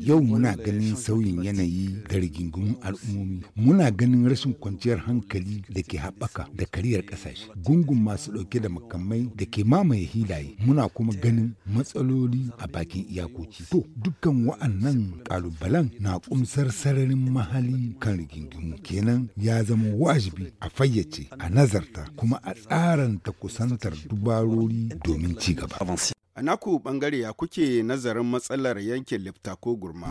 Yau muna ganin sauyin yanayi da rigingimun al'ummomi. Muna ganin rashin kwanciyar hankali da ke haɓaka da kariyar ƙasashe. Gungun masu ɗauke da makamai da ke mamaye hilaye. Muna kuma ganin matsaloli a bakin iyakoki. To, dukkan wa'annan ƙalubalen na ƙumsar sararin mahali kan rigingimu. Kenan ya zama wajibi a fayyace, a nazarta, kuma a tsaranta kusantar dubarori domin ci gaba. A naku bangare ya kuke nazarin matsalar yankin lifta ko gurma?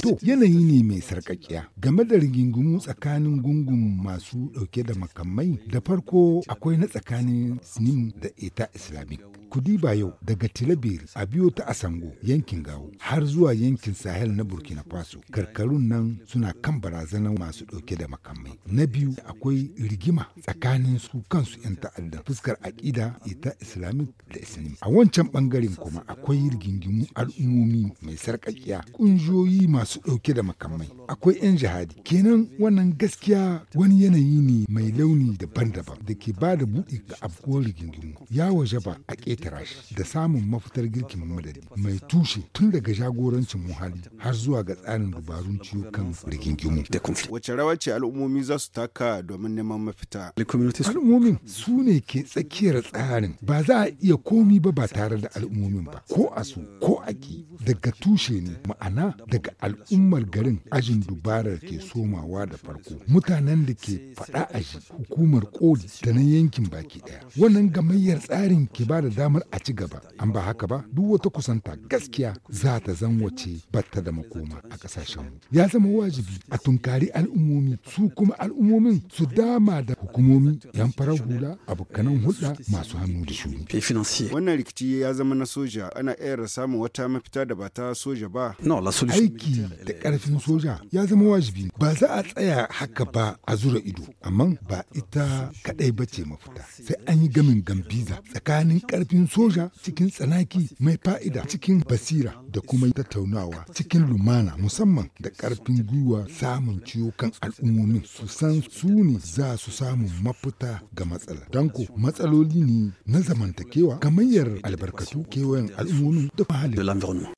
to yanayi ne mai sarƙaƙiya game da rigingumu tsakanin gungun masu dauke da makamai da farko akwai na tsakanin snin da ita islamic kudi ba yau daga tilabir a biyo ta asango yankin gawo har zuwa yankin Sahel na Burkina Faso. Karkarun nan suna kan barazanar masu ɗauke da makamai. Na biyu akwai rigima tsakanin su kansu 'yan ta'adda fuskar aƙida ita Islamic da Islam. A wancan ɓangaren kuma akwai rigingimu al'ummomi mai sarƙaƙiya ƙungiyoyi masu ɗauke da makamai. Akwai 'yan jihadi. Kenan wannan gaskiya wani yanayi ne mai launi daban-daban da ke ba da buɗe ga afkuwar rigingimu. Ya waje ba a ƙetara shi da samun mafitar girkin madadi mai tushe tun daga daga jagorancin muhalli har zuwa ga tsarin dubarun ciwo kan rigingimu. Wace rawar ce al'ummomi za su taka domin neman mafita? Al'ummomin su ne ke tsakiyar tsarin ba za a iya komi ba ba tare da al'ummomin ba ko a su ko a ki daga tushe ne ma'ana daga al'ummar garin ajin dubarar ke somawa da farko mutanen da ke faɗa a shi hukumar koli da na yankin baki ɗaya wannan gamayyar tsarin ke ba da damar a ci gaba an ba haka ba duk wata kusanta gaskiya za za ta zan wace batta da makoma a kasashen ya zama wajibi a tunkari al'ummomi su kuma al'ummomin su dama da hukumomi yan farar hula abokanan hulɗa masu hannu da shuni wannan rikici ya zama na soja ana iya samun wata mafita da ba ta soja ba aiki da karfin soja ya zama wajibi ba za a tsaya haka ba a zura ido amma ba ita kadai ba ce mafita sai an yi gamin gambiza tsakanin karfin soja cikin tsanaki mai fa'ida cikin basira da kuma tattaunawa cikin lumana musamman da ƙarfin gwiwa samun ciwo kan al'ummomin su san su ne za su samu mafita ga matsala. Don ko matsaloli ne na zamantakewa gamayyar albarkatu kewayen al'ummomin da muhalli.